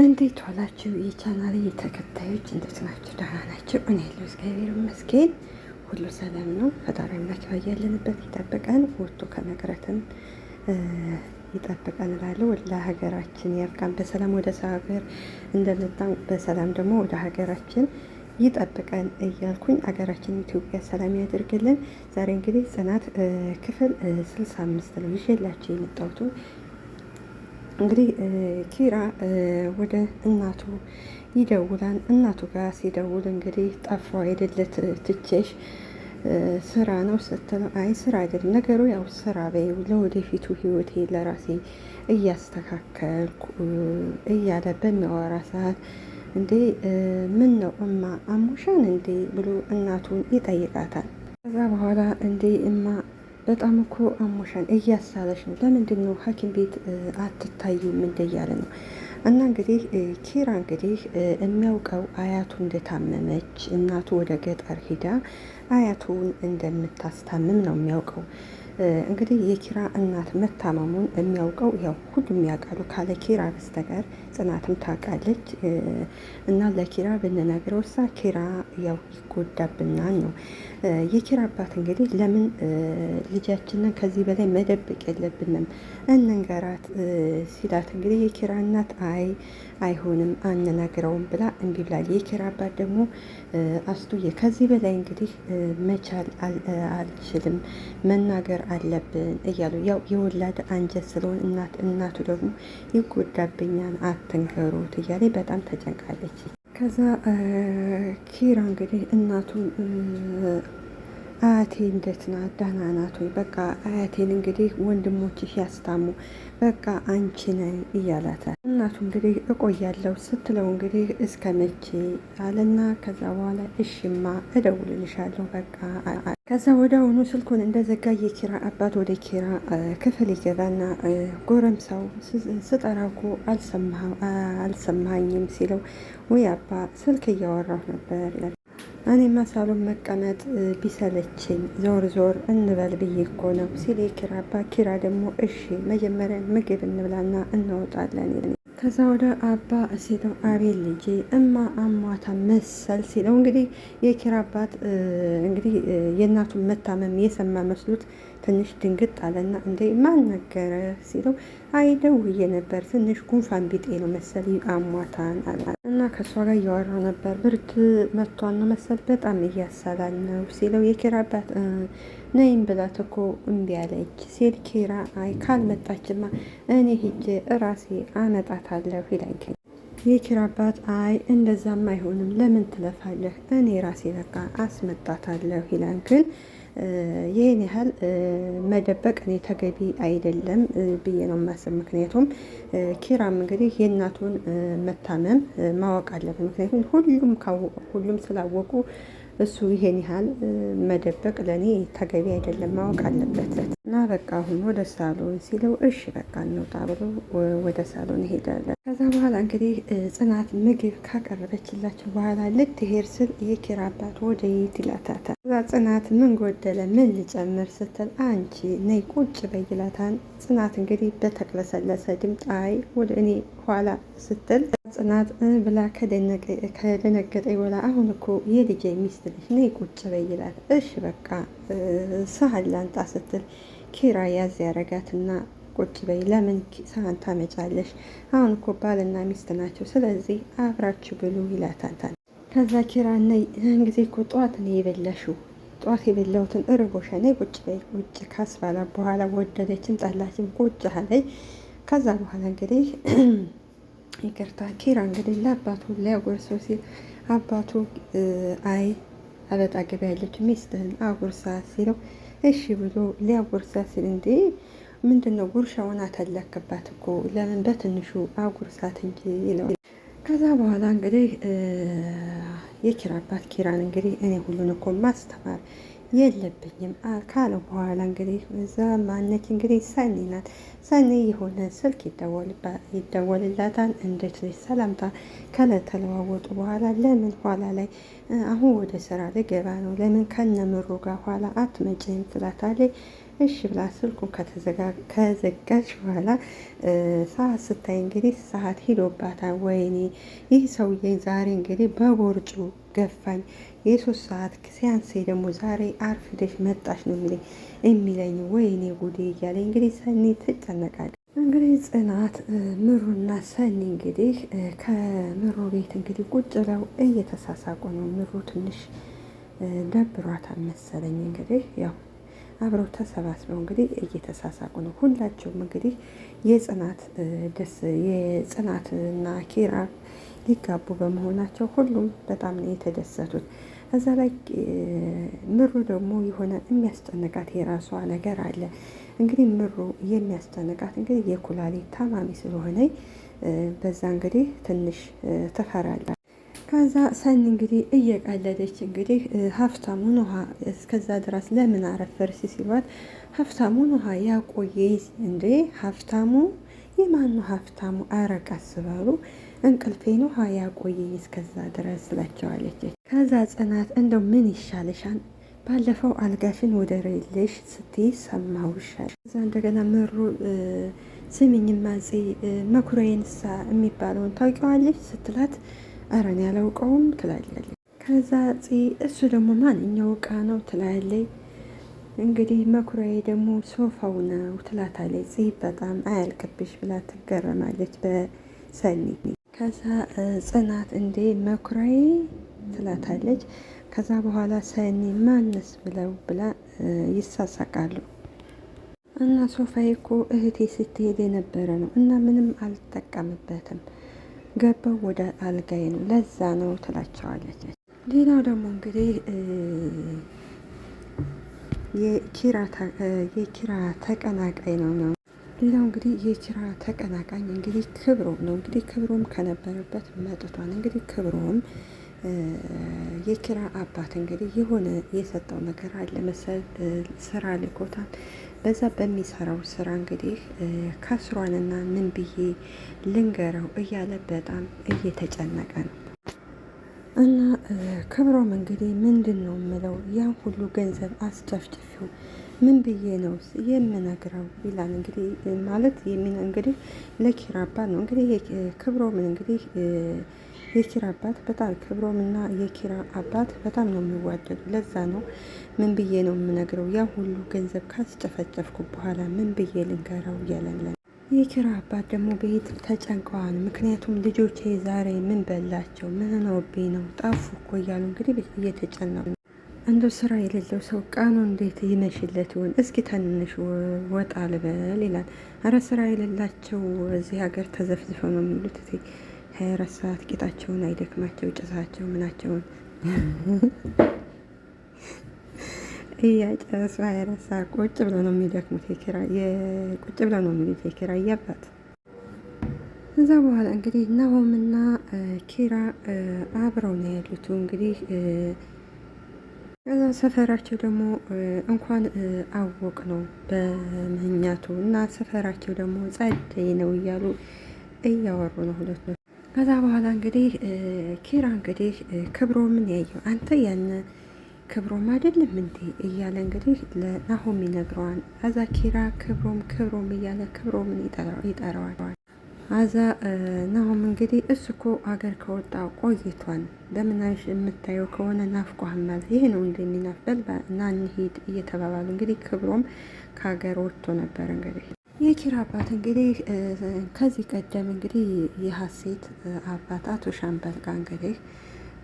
እንዴት ዋላችሁ? የቻናሌ ተከታዮች እንዴት ናችሁ? ደህና ናችሁ? እኔ ያለው እግዚአብሔር ይመስገን ሁሉ ሰላም ነው። ፈጣሪ አምላክ ያለንበት ይጠብቀን፣ ወጥቶ ከመቅረትም ይጠብቀን እላለሁ። ለሀገራችን ያብቃን፣ በሰላም ወደ ሀገር እንደመጣን በሰላም ደግሞ ወደ ሀገራችን ይጠብቀን እያልኩኝ ሀገራችን ኢትዮጵያ ሰላም ያደርግልን። ዛሬ እንግዲህ ጽናት ክፍል ስልሳ አምስት ነው ይዤላችሁ የመጣሁት እንግዲህ ኪራ ወደ እናቱ ይደውላል። እናቱ ጋር ሲደውል እንግዲህ ጠፋ አይደለት ትቼሽ ስራ ነው ስትለው፣ አይ ስራ አይደለም ነገሩ ያው ስራ በይው ለወደፊቱ ህይወቴ ለራሴ እያስተካከልኩ እያለ በሚያወራ ሰዓት እንዴ ምን ነው እማ አሞሻን እንዴ ብሎ እናቱን ይጠይቃታል። ከዛ በኋላ እንዴ እማ በጣም እኮ አሞሻን እያሳለሽ ነው። ለምንድን ነው ሐኪም ቤት አትታዩም እንደ እያለ ነው። እና እንግዲህ ኪራ እንግዲህ የሚያውቀው አያቱ እንደታመመች እናቱ ወደ ገጠር ሂዳ አያቱን እንደምታስታምም ነው የሚያውቀው። እንግዲህ የኪራ እናት መታመሙን የሚያውቀው ያው ሁሉም ያውቃሉ ካለ ኪራ በስተቀር ጽናትም ታውቃለች እና ለኪራ ብንነግረው እሳ ኪራ ያው ይጎዳብናል ነው። የኪራ አባት እንግዲህ ለምን ልጃችንን ከዚህ በላይ መደበቅ የለብንም እንንገራት ሲላት እንግዲህ የኪራ እናት አይ አይሆንም አንነግረውም ብላ እምቢ ብላለች። የኪራ አባት ደግሞ አስቱዬ ከዚህ በላይ እንግዲህ መቻል አልችልም መናገር አለብን እያሉ ያው የወላድ አንጀት ስለሆን እናት እናቱ ደግሞ ይጎዳብኛል አትንገሩት እያለ በጣም ተጨንቃለች። ከዛ ኪራ እንግዲህ እናቱን አያቴ እንዴት ናት? ደህና ናት ወይ? በቃ አያቴን እንግዲህ ወንድሞችሽ ያስታሙ፣ በቃ አንቺ ነይ እያላታል። እናቱ እንግዲህ እቆያለሁ ስትለው እንግዲህ እስከ መቼ አለና ከዛ በኋላ እሽማ እደውልልሻለሁ በቃ ከዛ ወደ አሁኑ ስልኩን እንደዘጋ የኪራ አባት ወደ ኪራ ክፍል ይገባና ጎረምሳው ስጠራኩ እኮ አልሰማኝም ሲለው፣ ወይ አባ ስልክ እያወራሁ ነበር ይላል። እኔማ ሳሎን መቀመጥ ቢሰለችኝ ዞር ዞር እንበል ብዬ እኮ ነው ሲል የኪራ አባ ኪራ ደግሞ እሺ መጀመሪያ ምግብ እንብላና እንወጣለን ከዛ ወደ አባ ሲለው አቤል ልጄ እማ አሟታ መሰል ሲለው እንግዲህ የኪራ አባት እንግዲህ የእናቱን መታመም የሰማ መስሎት ትንሽ ድንግጥ አለና እንዴ ማን ነገረ ሲለው አይ ደውዬ ነበር ትንሽ ጉንፋን ቢጤ ነው መሰል አሟታን እና ከእሷ ጋር እያወራው ነበር ብርድ መቷን ነው መሰል በጣም እያሰላል ነው ሲለው የኪራ አባት ነይም ብላት እኮ እምቢ አለች ሲል ኪራ አይ ካልመጣችማ እኔ ራሴ እራሴ አመጣታለሁ ይላል። የኪራ አባት አይ እንደዛም አይሆንም፣ ለምን ትለፋለህ? እኔ ራሴ በቃ አስመጣታለሁ ይላል። ግን ይህን ያህል መደበቅ እኔ ተገቢ አይደለም ብዬ ነው የማስብ። ምክንያቱም ኪራም እንግዲህ የእናቱን መታመም ማወቅ አለብን። ምክንያቱም ሁሉም ካወቁ ሁሉም ስላወቁ እሱ ይሄን ያህል መደበቅ ለእኔ ተገቢ አይደለም፣ ማወቅ አለበት እና በቃ አሁን ወደ ሳሎን ሲለው እሺ በቃ እንውጣ ብሎ ወደ ሳሎን ሄዳለን። ከዛ በኋላ እንግዲህ ጽናት ምግብ ካቀረበችላቸው በኋላ ልትሄድ ስል የኪራ አባት ወደ የት ይላታታል። ከዛ ጽናት ምን ጎደለ ምን ልጨምር ስትል አንቺ ነይ ቁጭ በይላታን። ጽናት እንግዲህ በተቅለሰለሰ ድምጣይ ወደ እኔ ኋላ ስትል ጽናት ብላ ከደነገጠ ይወላ አሁን እኮ የልጄ ሚስት ልጅ ነይ ቁጭ በይ ይላት። እሽ በቃ ሳህን ላንጣ ስትል ኪራ ያዝ ያረጋትና ቁጭ በይ ለምን ሳህን ታመጫለሽ? አሁን እኮ ባልና ሚስት ናቸው፣ ስለዚህ አብራችሁ ብሉ ይላታታል። ከዛ ኪራ ነይ ይህን ጊዜ እኮ ጠዋት ነው የበላሽው፣ ጠዋት የበላሁትን እርቦሻ፣ ነይ ቁጭ በይ። ቁጭ ካስባላ በኋላ ወደደችም ጠላችም ቁጭ አለኝ። ከዛ በኋላ እንግዲህ ይቅርታ ኪራ እንግዲህ ለአባቱ ሊያጎርሰው ሲል አባቱ አይ አበጣ ገበያ ያለች ሚስትህን አጉርሳ ሲለው እሺ ብሎ ሊያጎርሳ ሲል እንዴ ምንድን ነው ጉርሻውን አታላክባት እኮ ለምን በትንሹ አጉርሳት እንጂ ይለው። ከዛ በኋላ እንግዲህ የኪራ አባት ኪራን እንግዲህ እኔ ሁሉን እኮ ማስተማር የለብኝም ካለው በኋላ እንግዲህ እዛ ማነች እንግዲህ ሰኒ ናት ሰኒ የሆነ ስልክ ይደወልላታል። እንዴት ነሽ ሰላምታ ከተለዋወጡ በኋላ ለምን ኋላ ላይ አሁን ወደ ስራ ልገባ ነው ለምን ከነምሮ ጋር ኋላ አትመጭም ትላታለች። እሺ ብላ ስልኩ ከዘጋች በኋላ ሰዓት ስታይ እንግዲህ ሰዓት ሂዶባታል። ወይኔ ይህ ሰውዬ ዛሬ እንግዲህ በቦርጩ ገፋኝ የሶስት ሰዓት ሲያንሴ ደግሞ ዛሬ አርፍደሽ መጣሽ ነው የሚለኝ የሚለኝ ወይኔ ጉዴ እያለ እንግዲህ ሰኒ ትጨነቃለች። እንግዲህ ጽናት ምሩና ሰኒ እንግዲህ ከምሩ ቤት እንግዲህ ቁጭ ብለው እየተሳሳቁ ነው። ምሩ ትንሽ ደብሯታል መሰለኝ እንግዲህ ያው አብረው ተሰባስበው እንግዲህ እየተሳሳቁ ነው። ሁላቸውም እንግዲህ የጽናት ደስ የጽናትና ኪራ ሊጋቡ በመሆናቸው ሁሉም በጣም ነው የተደሰቱት። እዛ ላይ ምሩ ደግሞ የሆነ የሚያስጨንቃት የራሷ ነገር አለ። እንግዲህ ምሩ የሚያስጨንቃት እንግዲህ የኩላሊት ታማሚ ስለሆነ በዛ እንግዲህ ትንሽ ትፈራለች። ከዛ ሰን እንግዲህ እየቀለደች እንግዲህ ሀፍታሙን ውሃ እስከዛ ድረስ ለምን አረፈርሲ ሲሏት ሀፍታሙን ውሃ ያቆየ እንዴ ሀፍታሙ የማኑ ሀፍታሙ? አረቃ ስበሉ እንቅልፌን ውሃ ያቆየኝ እስከዛ ድረስ ስላቸዋለች። ከዛ ጽናት እንደው ምን ይሻልሻል? ባለፈው አልጋሽን ወደ ሬልሽ ስትይ ሰማሁሻል። እዛ እንደገና ምሩ ስሚኝ ጽ መኩሬንሳ የሚባለውን ታውቂዋለች ስትላት አረን ያላውቀውም ትላለች። ከዛ ጽ እሱ ደግሞ ማንኛው እቃ ነው ትላለች። እንግዲህ መኩሪያ ደግሞ ሶፋው ነው ትላታለች። ጽ በጣም አያልቅብሽ ብላ ትገረማለች በሰኒ ከዛ ጽናት እንዴ መኩራዬ ትላታለች። ከዛ በኋላ ሰኒ ማነስ ብለው ብላ ይሳሳቃሉ። እና ሶፋዬ እኮ እህቴ ስትሄድ የነበረ ነው እና ምንም አልጠቀምበትም ገባው ወደ አልጋዬ ነው ለዛ ነው ትላቸዋለች። ሌላው ደግሞ እንግዲህ የኪራ ተቀናቃይ ነው ነው ሌላው እንግዲህ የኪራ ተቀናቃኝ እንግዲህ ክብሮም ነው። እንግዲህ ክብሮም ከነበረበት መጥቷል። እንግዲህ ክብሮም የኪራ አባት እንግዲህ የሆነ የሰጠው ነገር አለ መሰል ስራ ልኮታል። በዛ በሚሰራው ስራ እንግዲህ ከስሯንና ምን ብዬ ልንገረው እያለ በጣም እየተጨነቀ ነው። እና ክብሮም እንግዲህ ምንድን ነው የምለው ያን ሁሉ ገንዘብ አስጨፍጭፊው ምን ብዬ ነው የምነግረው ይላል። እንግዲህ ማለት የሚና እንግዲህ ለኪራ አባት ነው እንግዲህ ክብሮምን እንግዲህ የኪራ አባት በጣም ክብሮም ክብሮምና የኪራ አባት በጣም ነው የሚዋደዱ። ለዛ ነው ምን ብዬ ነው የምነግረው ያ ሁሉ ገንዘብ ካስጨፈጨፍኩ በኋላ ምን ብዬ ልንገረው እያለለ የኪራ አባት ደግሞ ቤት ተጨንቀዋል። ምክንያቱም ልጆቼ ዛሬ ምን በላቸው ምን ነው ቤ ነው ጠፉ እኮ እያሉ እንግዲህ እየተጨነቁ እንዶ ስራ የሌለው ሰው ቃኑ እንዴት ይመሽለት ይሆን? እስኪ ተንሽ ወጣ ልበል ይላል። አረ ስራ የሌላቸው እዚህ ሀገር ተዘፍዝፈው ነው የሚሉት። ሀያ አራት ሰዓት ጌጣቸውን አይደክማቸው ጭሳቸው ምናቸውን እያጨሱ ሀያ አራት ሰዓት ቁጭ ብለው ነው የሚደክሙት። ቁጭ ብለው ነው የሚሉት የኪራ እያባት ከዛ በኋላ እንግዲህ ናሆምና ኪራ አብረው ነው ያሉት እንግዲህ እዛ ሰፈራቸው ደግሞ እንኳን አወቅ ነው በምህኛቱ እና ሰፈራቸው ደግሞ ጸደይ ነው እያሉ እያወሩ ነው ሁለቱ። ከዛ በኋላ እንግዲህ ኪራ እንግዲህ ክብሮ ምን ያየው አንተ ያነ ክብሮም አይደለም እንዴ እያለ እንግዲህ ለናሆም ይነግረዋል። ከዛ ኪራ ክብሮም ክብሮም እያለ ክብሮምን ይጠራዋል። አዛ ናሁም እንግዲህ እሱ እኮ ሀገር ከወጣ ቆይቷል። በምናሽ የምታየው ከሆነ ናፍቆሃል። ይሄ ነው እንደሚናፈል እና እንሂድ እየተባባሉ እንግዲህ ክብሮም ከሀገር ወጥቶ ነበር። እንግዲህ የኪራ አባት እንግዲህ ከዚህ ቀደም እንግዲህ የሀሴት አባት አቶ ሻምበል ጋር እንግዲህ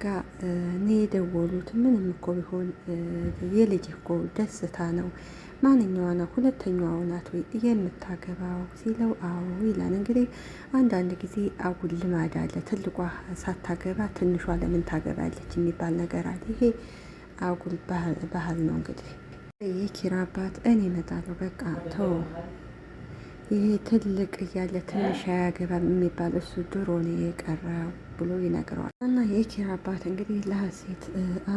ጋር እኔ የደወሉት ምንም እኮ ቢሆን የልጅ እኮ ደስታ ነው ማንኛዋ ነው ሁለተኛዋ ናት ወይ የምታገባው ሲለው አዎ ይላል። እንግዲህ አንዳንድ ጊዜ አጉል ልማድ አለ። ትልቋ ሳታገባ ትንሿ ለምን ታገባለች የሚባል ነገር አለ። ይሄ አጉል ባህል ነው። እንግዲህ የኪራ አባት እኔ እመጣለሁ በቃ ተው ይሄ ትልቅ እያለ ትንሽ አያገባም የሚባል እሱ ድሮ ነው የቀረው ብሎ ይነግረዋል። እና የኪራ አባት እንግዲህ ለሀሴት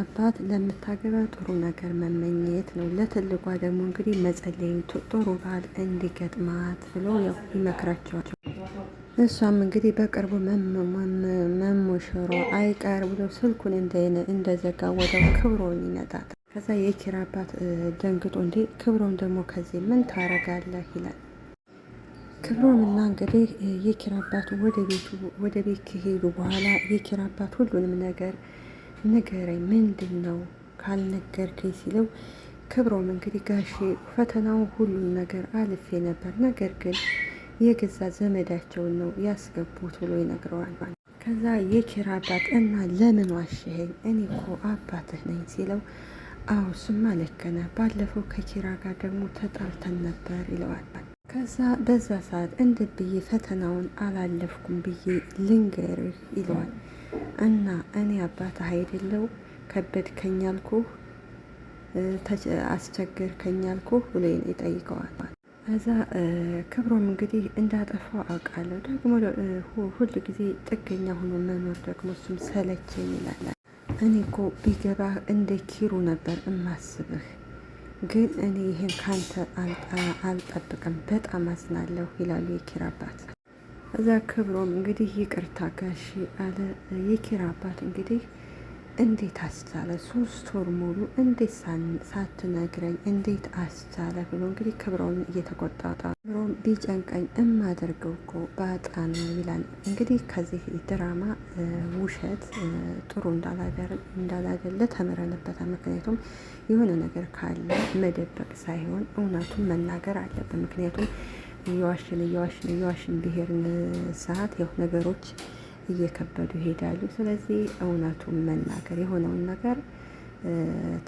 አባት ለምታገባ ጥሩ ነገር መመኘት ነው፣ ለትልቋ ደግሞ እንግዲህ መጸለይ፣ ጥሩ ባል እንዲገጥማት ብሎ ያው እሷም እንግዲህ በቅርቡ መሞሽሮ አይቀር ብሎ ስልኩን እንደዘጋ ወደው ክብሮን ይነጣታል። ከዛ የኪራ አባት ደንግጦ እንዴ ክብሮን ደግሞ ከዚህ ምን ታረጋለህ ይላል። ክብሮም እና እንግዲህ የኪራ አባት ወደ ቤቱ ወደ ቤት ከሄዱ በኋላ የኪራ አባት ሁሉንም ነገር ንገረኝ፣ ምንድን ነው ካልነገርከኝ ሲለው ክብሮም እንግዲህ ጋሼ ፈተናው ሁሉን ነገር አልፌ ነበር፣ ነገር ግን የገዛ ዘመዳቸውን ነው ያስገቡት ብሎ ይነግረዋል። ከዛ የኪራ አባት እና ለምን ዋሸኸኝ? እኔ እኮ አባትህ ነኝ ሲለው አዎ ስማ ልክ ነህ፣ ባለፈው ከኪራ ጋር ደግሞ ተጣልተን ነበር ይለዋል። ከዛ በዛ ሰዓት እንደ ብዬ ፈተናውን አላለፍኩም ብዬ ልንገርህ ይለዋል። እና እኔ አባትህ አይደለው ከበድከኝ አልኩህ አስቸገርከኝ አልኩህ ብሎ ይጠይቀዋል። እዛ ክብሮም እንግዲህ እንዳጠፋው አውቃለሁ፣ ደግሞ ሁል ጊዜ ጥገኛ ሆኖ መኖር ደግሞ እሱም ሰለቸኝ ይላል። እኔ እኮ ቢገባህ እንደ ኪሩ ነበር እማስብህ ግን እኔ ይህን ካንተ አልጠብቅም በጣም አዝናለሁ ይላሉ የኪራ አባት። እዛ ክብሮም እንግዲህ ይቅርታ ጋሼ አለ የኪራ አባት እንግዲህ እንዴት አስቻለ ሶስት ወር ሙሉ እንዴት ሳትነግረኝ እንዴት አስቻለ ብሎ እንግዲህ ክብረውን እየተቆጣጣ ክብረውን ቢጨንቀኝ እማደርገው እኮ ባጣ ነው ይላል። እንግዲህ ከዚህ ድራማ ውሸት ጥሩ እንዳላደለ ተምረንበታል። ምክንያቱም የሆነ ነገር ካለ መደበቅ ሳይሆን እውነቱን መናገር አለብን። ምክንያቱም እየዋሽን እየዋሽን እየዋሽን ብሄርን ሰዓት ያው ነገሮች እየከበዱ ይሄዳሉ። ስለዚህ እውነቱን መናገር የሆነውን ነገር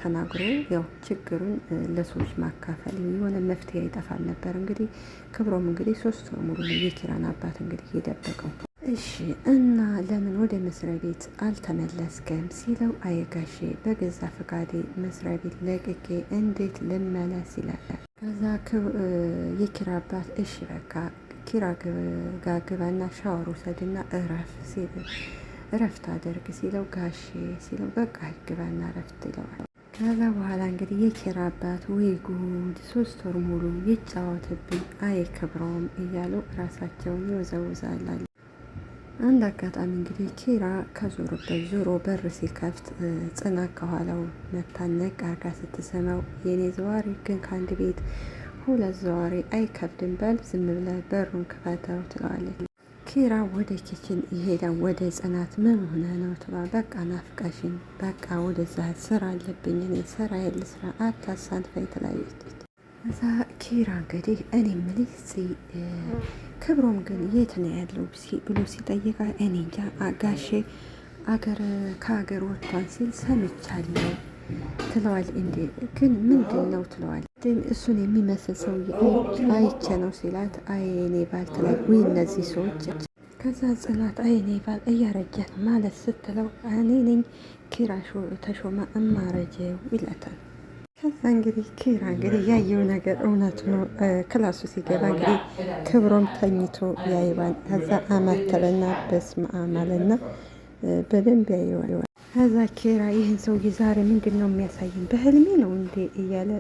ተናግሮ ያው ችግሩን ለሰዎች ማካፈል የሆነ መፍትሄ ይጠፋል ነበር። እንግዲህ ክብሮም እንግዲህ ሶስት ነው ሙሉ የኪራን አባት እንግዲህ የደበቀው እሺ እና ለምን ወደ መስሪያ ቤት አልተመለስክም ሲለው አይጋሼ በገዛ ፈቃዴ መስሪያ ቤት ለቅቄ እንዴት ልመለስ ይላል። ከዛ የኪራ አባት እሺ በቃ ኪራ ጋግባና ሻወር ውሰድና እረፍ ሲል እረፍት አደርግ ሲለው ጋሼ ሲለው በቃ ግባና እረፍት ይለዋል። ከዛ በኋላ እንግዲህ የኪራ አባት ወይ ጉድ ሶስት ወር ሙሉ ይጫወትብኝ አይከብረውም እያሉ ራሳቸውን ይወዘውዛላል። አንድ አጋጣሚ እንግዲህ ኪራ ከዞሮበት ዞሮ በር ሲከፍት ጽናት ከኋላው መታነቅ አርጋ ስትሰማው የኔ ዘዋሪ ግን ከአንድ ቤት ሁለት ዘዋሪ አይከብድም። በል ዝም ብለህ በሩን ክፈተው ትለዋለች። ኪራ ወደ ኪችን ይሄዳል። ወደ ጽናት ምን ሆነ ነው ትባ በቃ ናፍቀሽኝ፣ በቃ ወደዛ ስራ አለብኝ እኔ ስራ የለ ስራ አታሳልፈኝ ትላለች። እዛ ኪራ እንግዲህ እኔ የምልሽ ክብሮም ግን የት ነው ያለው ብሎ ሲጠይቃ እኔ እንጃ ጋሼ አገር ከሀገር ወጥቷን ሲል ሰምቻለሁ ትለዋል እንዴ ግን ምንድን ነው ትለዋል። እሱን የሚመስል ሰው አይቼ ነው ሲላት፣ አይኔ ባል ትላይ ወይ እነዚህ ሰዎች ከዛ ጽናት አይኔ ባል እያረጀ ነው ማለት ስትለው፣ እኔ ነኝ ኪራ ተሾመ እማረጀው ይላታል። ከዛ እንግዲህ ኪራ እንግዲህ ያየው ነገር እውነት ነው። ክላሱ ሲገባ እንግዲህ ክብሮም ተኝቶ ያይባል። ከዛ አማተበና በስመ አብ አለና በደንብ ያየዋል። ከዛ ኬራ ይህን ሰውዬ ዛሬ ምንድን ነው የሚያሳየን? በህልሜ ነው እንዴ እያለ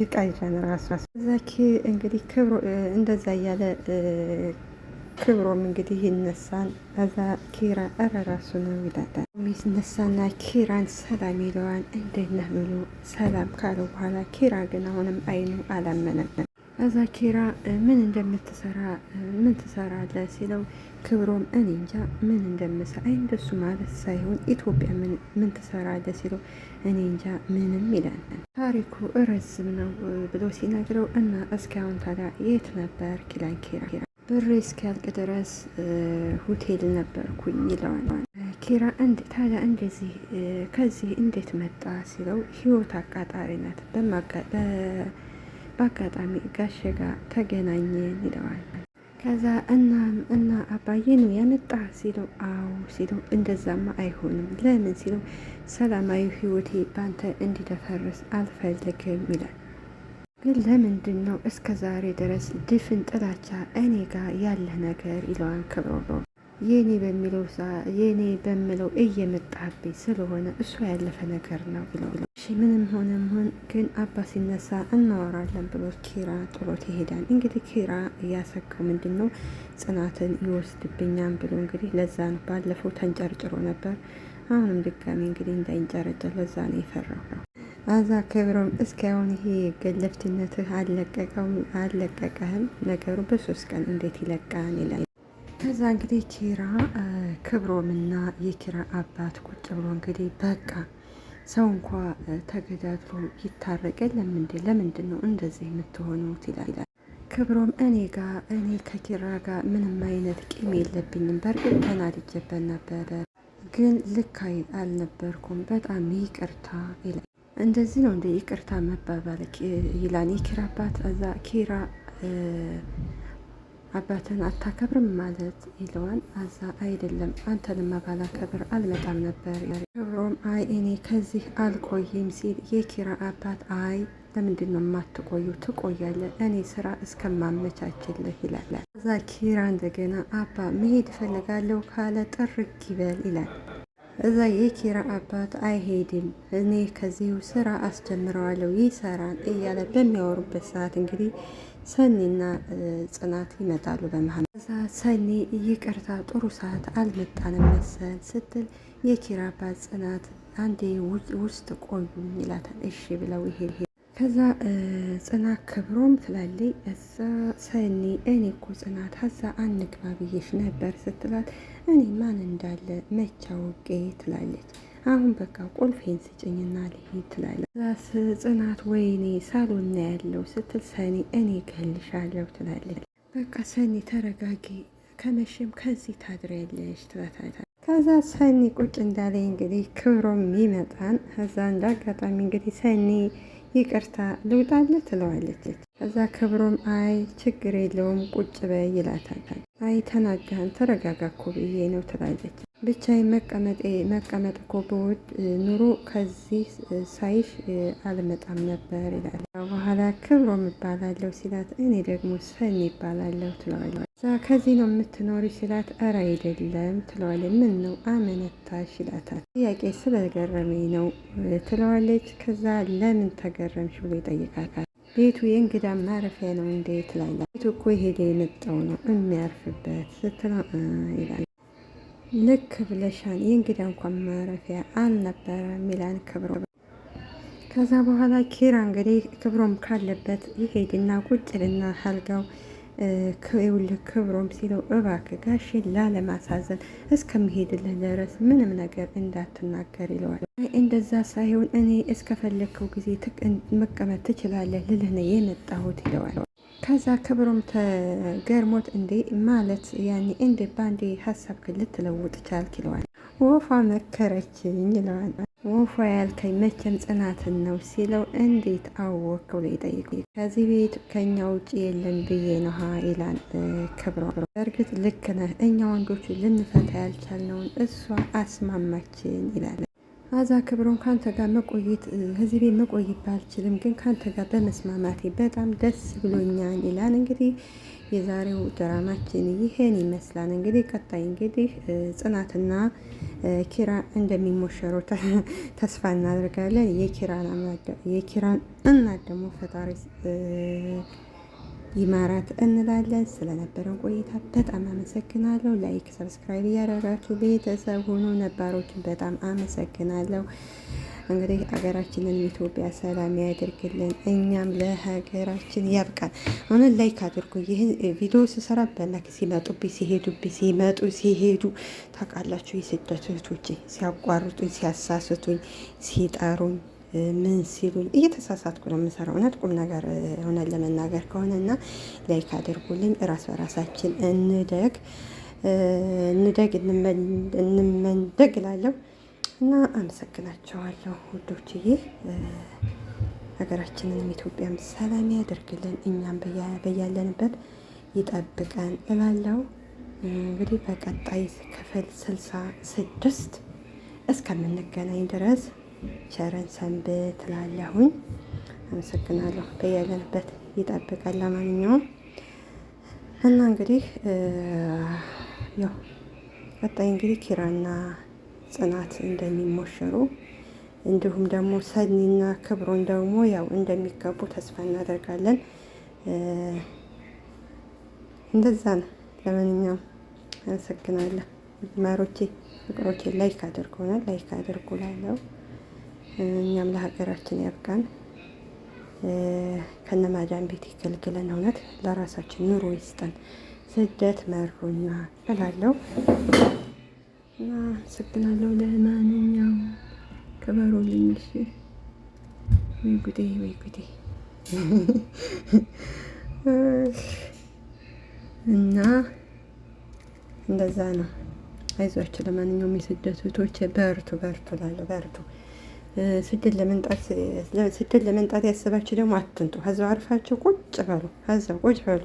ይቃዣን ራሱ እዛ እንግዲህ ክብሮ እንደዛ እያለ ክብሮም እንግዲህ ይነሳን። ከዛ ኬራ እረ ራሱ ነው ይላታል። ይነሳና ኬራን ሰላም ይለዋን እንደና ብሎ ሰላም ካለው በኋላ ኬራ ግን አሁንም አይኑ አላመነም። እዛ ኪራ ምን እንደምትሰራ ምን ትሰራለህ ሲለው ክብሮም እኔ እንጃ ምን እንደምሰ አይ እንደሱ ማለት ሳይሆን ኢትዮጵያ ምን ትሰራለህ ሲለው እኔ እንጃ ምንም ይላል። ታሪኩ ረዝም ነው ብሎ ሲነግረው እና እስካሁን ታዲያ የት ነበር ኪላን ኪራ ብሬ እስኪያልቅ ድረስ ሆቴል ነበርኩኝ ይለዋል። ኪራ ታዲያ እንደዚህ ከዚህ እንዴት መጣ ሲለው ህይወት አቃጣሪነት በማቃ በአጋጣሚ ጋሼ ጋር ተገናኘን ይለዋል። ከዛ እናም እና አባዬ ነው ያመጣ ሲለው፣ አዎ ሲለው፣ እንደዛማ አይሆንም ለምን ሲለው፣ ሰላማዊ ህይወቴ ባንተ እንዲደፈርስ አልፈልግም ይላል። ግን ለምንድን ነው እስከ ዛሬ ድረስ ድፍን ጥላቻ እኔ ጋር ያለ ነገር ይለዋል ክብሮ የኔ በሚለው የኔ በሚለው እየመጣብኝ ስለሆነ እሱ ያለፈ ነገር ነው ብለው እሺ፣ ምንም ሆነ ምን ግን አባ ሲነሳ እናወራለን ብሎ ኪራ ጥሎት ይሄዳል። እንግዲህ ኪራ እያሰጋው ምንድን ነው ጽናትን ይወስድብኛም ብሎ እንግዲህ ለዛ ነው ባለፈው ተንጨርጭሮ ነበር። አሁንም ድጋሚ እንግዲህ እንዳይንጨረጨር ለዛ ነው የፈራው ነው አዛ ክብሮም እስካሁን ይሄ ገለፍትነትህ አለቀቀህም ነገሩ በሶስት ቀን እንዴት ይለቃን ይላል። ከዛ እንግዲህ ኪራ ክብሮም እና የኪራ አባት ቁጭ ብሎ እንግዲህ በቃ ሰው እንኳ ተገዳድሎ ይታረቀ ለምንድ ለምንድን ነው እንደዚህ የምትሆኑት? ይላል ክብሮም። እኔ ጋ እኔ ከኪራ ጋር ምንም አይነት ቂም የለብኝም። በእርግጥ ተናድጄበት ነበረ፣ ግን ልክ አልነበርኩም። በጣም ይቅርታ ይላል። እንደዚህ ነው እንደ ይቅርታ መባባል ይላል የኪራ አባት እዛ ኪራ አባትን አታከብርም ማለት ይለዋል። አዛ አይደለም አንተንማ ባላከብር አልመጣም ነበር። ክብሮም አይ እኔ ከዚህ አልቆይም ሲል የኪራ አባት አይ ለምንድን ነው የማትቆዩ? ትቆያለ እኔ ስራ እስከማመቻችልህ ይላል። አዛ ኪራ እንደገና አባ መሄድ እፈልጋለሁ ካለ ጥርግ ይበል ይላል። እዛ የኪራ አባት አይሄድም፣ እኔ ከዚሁ ስራ አስጀምረዋለሁ ይሰራን እያለ በሚያወሩበት ሰዓት እንግዲህ ሰኒና ጽናት ይመጣሉ። በመሀል ከዛ ሰኒ ይቅርታ ጥሩ ሰዓት አልመጣንም መሰል ስትል የኪራ አባት ጽናት አንዴ ውስጥ ቆዩ ይላታል። እሺ ብለው ይሄ ይሄ ከዛ ጽናት ክብሮም ትላለች። እዛ ሰኒ እኔ እኮ ጽናት ሀዛ አንግባ ነበር ስትላት እኔ ማን እንዳለ መቻ ውቄ ትላለች። አሁን በቃ ቁልፌን ስጭኝና ልሂድ ትላለች። ዛስ ጽናት ወይኔ ሳሎን ያለው ስትል ሰኒ እኔ ገልሻለሁ ትላለች። በቃ ሰኒ ተረጋጊ፣ ከመሸም ከዚህ ታድሪያለሽ ትላታታል። ከዛ ሰኒ ቁጭ እንዳለ እንግዲህ ክብሮም ይመጣን። ከዛ እንዳጋጣሚ እንግዲህ ሰኒ ይቅርታ ልውጣለ ትለዋለች። ከዛ ክብሮም አይ ችግር የለውም ቁጭ በይ ይላታታል። አይ ተናጋህን ተረጋጋ እኮ ብዬ ነው ትላለች። ብቻዬን መቀመጤ መቀመጥ እኮ ብወድ ኑሮ ከዚህ ሳይሽ አልመጣም ነበር ይላል። በኋላ ክብሮም እባላለሁ ሲላት እኔ ደግሞ ሰኒ እባላለሁ ትለዋለች። እዛ ከዚህ ነው የምትኖሪ ሲላት እረ አይደለም ትለዋለች። ምን ነው አመነታሽ ይላታል። ጥያቄ ስለገረመኝ ነው ትለዋለች። ከዛ ለምን ተገረምሽ ብሎ ይጠይቃታል። ቤቱ የእንግዳ ማረፊያ ነው እንዴ ትላለች። ቤቱ እኮ ይሄ የመጣው ነው የሚያርፍበት ስትለው ይላል ልክ ብለሻን የእንግዳ እንኳን ማረፊያ አልነበረ ሚላን ክብሮ። ከዛ በኋላ ኪራ እንግዲህ ክብሮም ካለበት ይሄድና ቁጭልና ሀልጋው ይኸውልህ ክብሮም ሲለው እባክህ ጋሽን ላለማሳዘን እስከሚሄድልህ ድረስ ምንም ነገር እንዳትናገር ይለዋል። እንደዛ ሳይሆን እኔ እስከፈለግከው ጊዜ መቀመጥ ትችላለህ ልልህ ነው የመጣሁት ይለዋል። ከዛ ክብሩም ተገርሞት እንዴ ማለት ያኔ እንዴ ባንዴ ሀሳብ ልትለውጥ ቻልክ ይለዋል። ወፏ መከረችኝ ይለዋል። ወፏ ያልከኝ መቼም ጽናትን ነው ሲለው እንዴት አወቅ ብሎ ይጠይቁ። ከዚህ ቤት ከኛ ውጭ የለም ብዬ ነሃ ይላል ክብሮ። በእርግጥ ልክ ነህ፣ እኛ ወንዶቹ ልንፈታ ያልቻልነውን እሷ አስማማችን ይላል። አዛ ክብሮን ካንተ ጋር መቆየት ከዚህ ቤት መቆየት ባልችልም ግን ካንተ ጋር በመስማማቴ በጣም ደስ ብሎኛል ይላል። እንግዲህ የዛሬው ድራማችን ይሄን ይመስላል። እንግዲህ ቀጣይ እንግዲህ ጽናትና ኪራ እንደሚሞሸሩ ተስፋ እናደርጋለን። የኪራን እናት ደግሞ ፈጣሪ ይማራት እንላለን። ስለነበረን ቆይታ በጣም አመሰግናለሁ። ላይክ፣ ሰብስክራይብ እያደረጋችሁ ቤተሰብ ሆኖ ነባሮችን በጣም አመሰግናለሁ። እንግዲህ ሀገራችንን ኢትዮጵያ ሰላም ያድርግልን፣ እኛም ለሀገራችን ያብቃል። አሁን ላይክ አድርጉ። ይህን ቪዲዮ ስሰራ በላክ ሲመጡብኝ ሲሄዱብኝ ሲመጡ ሲሄዱ ታውቃላችሁ፣ የስደት እህቶቼ ሲያቋርጡኝ ሲያሳስቱኝ ሲጠሩኝ ምን ሲሉኝ እየተሳሳትኩ ነው የምሰራው። እውነት ቁም ነገር ሆነ ለመናገር ከሆነ ላይክ አድርጉልኝ። ራስ በራሳችን እንደግ እንደግ እንመንደግ እላለሁ እና አመሰግናቸዋለሁ ውዶችዬ። ሀገራችንንም ኢትዮጵያም ሰላም ያደርግልን፣ እኛም በያለንበት ይጠብቀን እላለሁ። እንግዲህ በቀጣይ ክፍል ስልሳ ስድስት እስከምንገናኝ ድረስ ቸረን ሰንብት እላለሁኝ። አመሰግናለሁ። በያለንበት ይጠብቃል። ለማንኛውም እና እንግዲህ ያው ቀጣይ እንግዲህ ኪራና ጽናት እንደሚሞሸሩ እንዲሁም ደግሞ ሰኒና ክብሩን ደግሞ ያው እንደሚጋቡ ተስፋ እናደርጋለን። እንደዛ ነው። ለማንኛውም አመሰግናለሁ። ማሮቼ ፍቅሮቼ ላይክ አድርጎናል ላይክ አድርጎ ላለው እኛም ለሀገራችን ያብቃን። ከነማዳን ቤት ይገልግለን። እውነት ለራሳችን ኑሮ ይስጠን። ስደት መሩኛ እላለሁ እና አመሰግናለሁ። ለማንኛው ከበሮ ልኝሽ ወይ ጉዴ፣ ወይ ጉዴ እና እንደዛ ነው። አይዟቸው። ለማንኛውም የስደቱቶች በርቱ፣ በርቱ እላለሁ፣ በርቱ። ስደት ለመንጣት ስደት ለመንጣት ያሰባችሁ ደግሞ አትንጡ። ሀዛው አርፋችሁ ቁጭ በሉ። ሀዛው ቁጭ በሉ።